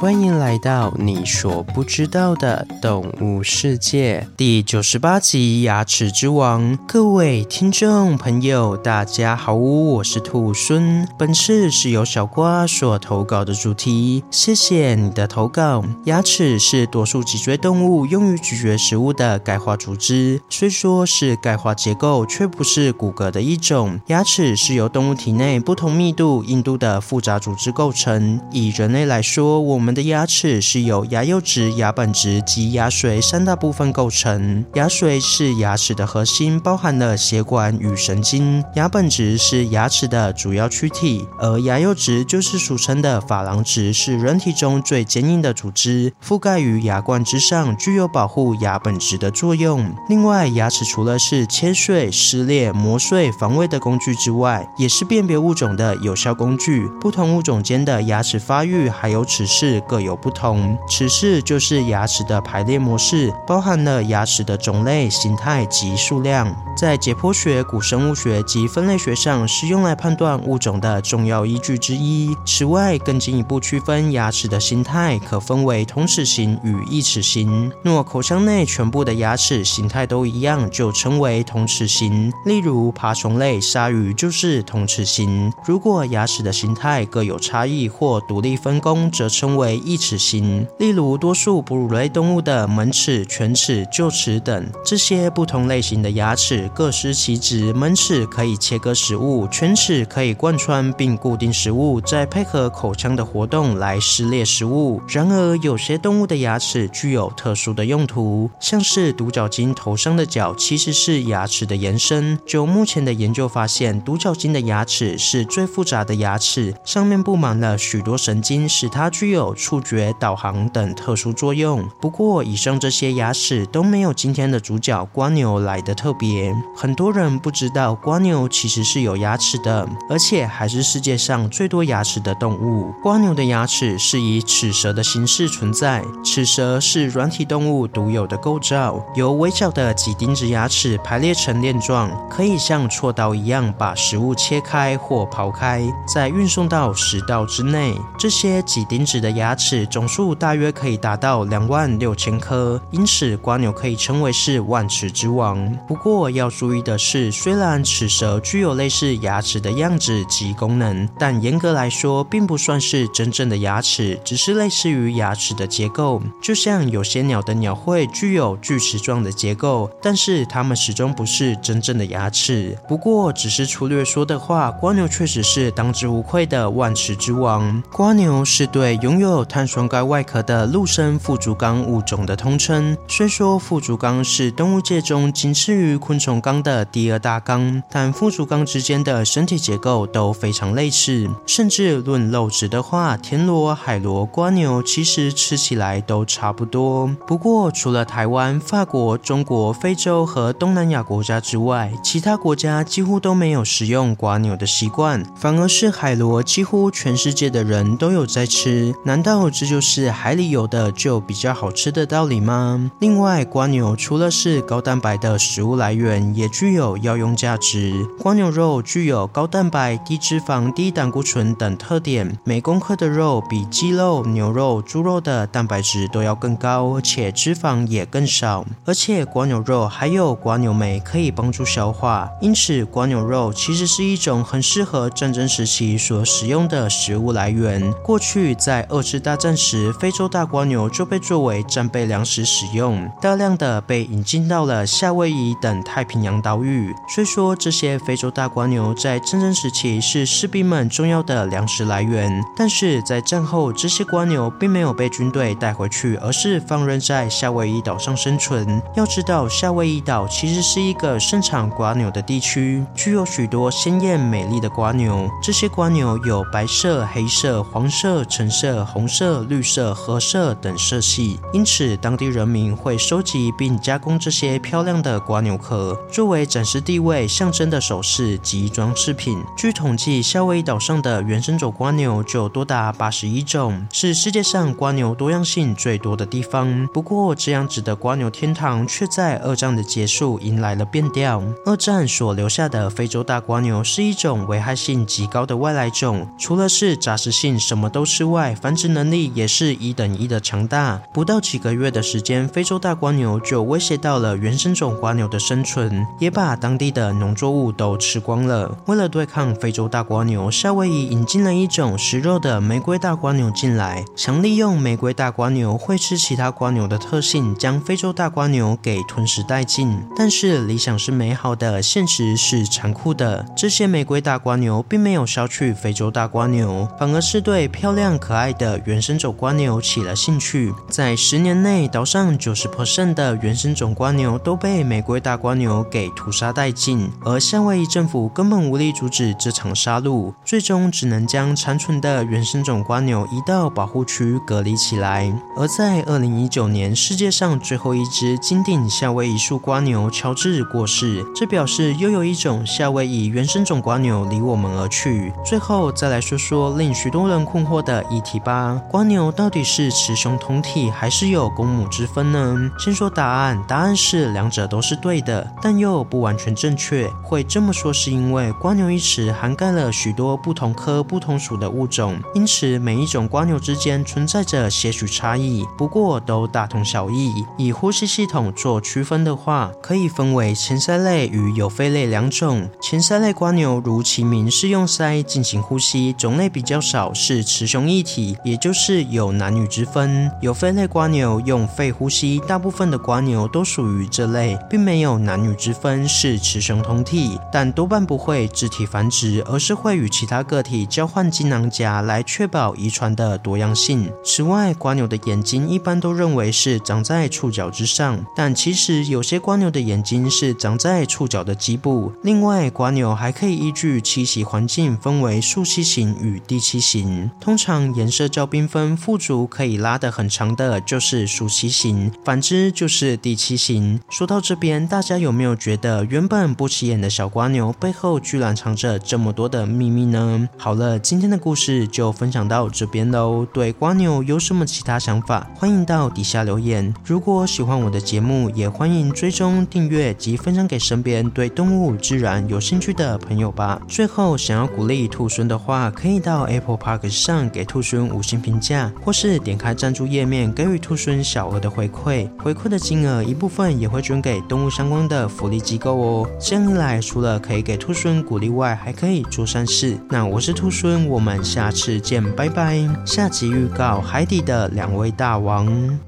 歡迎來到你所不知道的動物世界第九十八集《牙齒之王》。各位聽眾朋友，大家好，我是兔猻。本次是由小瓜所投稿的主題，謝謝你的投稿。牙齒是多數脊椎動物用於咀嚼食物的鈣化組織，雖說是鈣化結構，卻不是骨骼的一種。牙齒是由動物體內不同密度、硬度的複雜組織構成。以人類來說，我們的牙齒是由牙釉質、牙本質及牙髓三大部分構成。牙髓是牙齒的核心，包含了血管與神經。牙本質是牙齒的主要軀體，而牙釉質就是俗稱的珐琅質，是人體中最堅硬的組織，覆蓋於牙冠之上，具有保護牙本質的作用。另外，牙齒除了是切碎、撕裂、磨碎、防衛的工具之外，也是辨別物種的有效工具。不同物種間的牙齒發育還有齒式，各有不同。齒式就是牙齒的排列模式，包含了牙齒的種類、形態及數量，在解剖學、古生物學及分類學上是用來判斷物種的重要依據之一。此外，更進一步區分牙齒的形態，可分為同齒型與異齒型。若口腔內全部的牙齒形態都一樣，就稱為同齒型，例如爬蟲類、鯊魚就是同齒型。如果牙齒的形態各有差異或獨立分工，則稱為。為異齒型，例如多數哺乳類動物的門齒、犬齒、臼齒等，這些不同類型的牙齒各司其職。門齒可以切割食物，犬齒可以貫穿並固定食物，再配合口腔的活動來撕裂食物。然而，有些動物的牙齒具有特殊的用途，像是獨角鯨頭上的角其實是牙齒的延伸。就目前的研究發現，獨角鯨的牙齒是最複雜的牙齒，上面布滿了許多神經，使它具有。觸覺、導航等特殊作用。不過，以上這些牙齒都沒有今天的主角蝸牛來得特別。很多人不知道蝸牛其實是有牙齒的，而且還是世界上最多牙齒的動物。蝸牛的牙齒是以齒舌的形式存在，齒舌是軟體動物獨有的構造，由微小的幾丁質牙齒排列成鏈狀，可以像銼刀一樣把食物切開或刨開，再運送到食道之內。這些幾丁質的牙。牙齒總數大約可以達到兩萬六千顆，因此蝸牛可以稱為是萬齒之王。不過要注意的是，雖然齒舌具有類似牙齒的樣子及功能，但嚴格來說並不算是真正的牙齒，只是類似於牙齒的結構。就像有些鳥的鳥喙具有鋸齒狀的結構，但是它們始終不是真正的牙齒。不過，只是粗略說的話，蝸牛確實是當之無愧的萬齒之王。蝸牛是對擁有有碳酸鈣外殼的陸生腹足綱物種的通稱。雖說腹足綱是動物界中僅次於昆蟲綱的第二大綱，但腹足綱之間的身體結構都非常類似。甚至論肉質的話，田螺、海螺、蝸牛其實吃起來都差不多。不過，除了台灣、法國、中國、非洲和東南亞國家之外，其他國家幾乎都沒有食用蝸牛的習慣，反而是海螺幾乎全世界的人都有在吃。難道這就是海裡有的就比較好吃的道理嗎？另外，蝸牛除了是高蛋白的食物來源，也具有藥用價值。蝸牛肉具有高蛋白、低脂肪、低膽固醇等特點，每公克的肉比雞肉、牛肉、豬肉的蛋白質都要更高，而且脂肪也更少。而且蝸牛肉還有蝸牛酶，可以幫助消化。因此，蝸牛肉其實是一種很適合戰爭時期所食用的食物來源。過去在二。是大戰時，非洲大蝸牛就被作為戰備糧食使用，大量的被引進到了夏威夷等太平洋島嶼。雖說這些非洲大蝸牛在戰爭時期是士兵們重要的糧食來源，但是在戰後，這些蝸牛並沒有被軍隊帶回去，而是放任在夏威夷島上生存。要知道，夏威夷島其實是一個盛產蝸牛的地區，具有許多鮮豔美麗的蝸牛。這些蝸牛有白色、黑色、黃色、橙色、紅。紅色、綠色、褐色等色系，因此當地人民會收集並加工這些漂亮的蝸牛殼，作為展示地位象徵的首飾及裝飾品。據統計，夏威夷島上的原生種蝸牛就多達八十一種，是世界上蝸牛多樣性最多的地方。不過，這樣子的蝸牛天堂卻在二戰的結束迎來了變調。二戰所留下的非洲大蝸牛是一種危害性極高的外來種，除了是雜食性，什麼都吃外，繁殖。能力也是一等一的強大。不到幾個月的時間，非洲大蝸牛就威脅到了原生種蝸牛的生存，也把當地的農作物都吃光了。為了對抗非洲大蝸牛，夏威夷引進了一種食肉的玫瑰大蝸牛進來，想利用玫瑰大蝸牛會吃其他蝸牛的特性，將非洲大蝸牛給吞噬殆盡。但是理想是美好的，現實是殘酷的。這些玫瑰大蝸牛並沒有消去非洲大蝸牛，反而是對漂亮可愛的。原生種蝸牛起了興趣，在十年內，島上九十%的原生種蝸牛都被玫瑰大蝸牛給屠殺殆盡，而夏威夷政府根本無力阻止這場殺戮，最終只能將殘存的原生種蝸牛移到保護區隔離起來。而在二零一九年，世界上最後一隻金頂夏威夷樹蝸牛喬治過世，這表示又有一種夏威夷原生種蝸牛離我們而去。最後，再來說說令許多人困惑的議題吧。蝸牛到底是雌雄同體還是有公母之分呢？先說答案，答案是兩者都是對的，但又不完全正確。會這麼說是因為“蝸牛”一詞涵蓋了許多不同科、不同屬的物種，因此每一種蝸牛之間存在着些許差異，不過都大同小異。以呼吸系統做區分的話，可以分為前鰓類與有肺類兩種。前鰓類蝸牛如其名，是用鰓進行呼吸，種類比較少，是雌雄異體，也，就是有男女之分，有肺類蝸牛用肺呼吸，大部分的蝸牛都屬於這類，並沒有男女之分，是雌雄同體，但多半不會自體繁殖，而是會與其他個體交換精囊莢來確保遺傳的多樣性。此外，蝸牛的眼睛一般都認為是長在觸角之上，但其實有些蝸牛的眼睛是長在觸角的基部。另外，蝸牛還可以依據棲息環境分為樹棲型與地棲型，通常顏色正繽紛富足可以拉得很長的，就是暑期型，反之就是第七型。說到這邊，大家有沒有覺得原本不起眼的小蝸牛背後居然藏着這麼多的祕密呢？好了，今天的故事就分享到這邊嘍。對蝸牛有什麼其他想法，歡迎到底下留言。如果喜歡我的節目，也歡迎追蹤訂閱及分享給身邊對動物自然有興趣的朋友吧。最後，想要鼓勵兔猻的話，可以到 Apple Park 上給兔猻五星。行評價，或是點開贊助頁面給予兔猻小額的回饋，回饋的金額一部分也會捐給動物相關的福利機構哦。這樣一來，除了可以給兔猻鼓勵外，還可以做善事。那我是兔猻，我們下次見，拜拜。下集預告：海底的兩位大王。